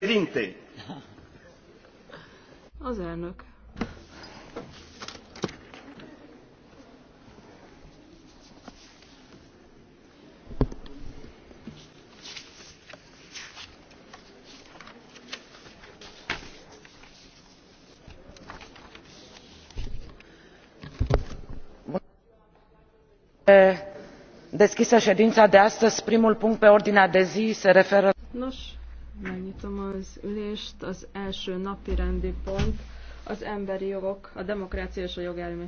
Az elnök. E, deschisă ședința de astăzi primul punct pe ordinea de zi se referă. nos megnyitom az ülést. Az első napi rendi pont az emberi jogok, a demokrácia és a jogállami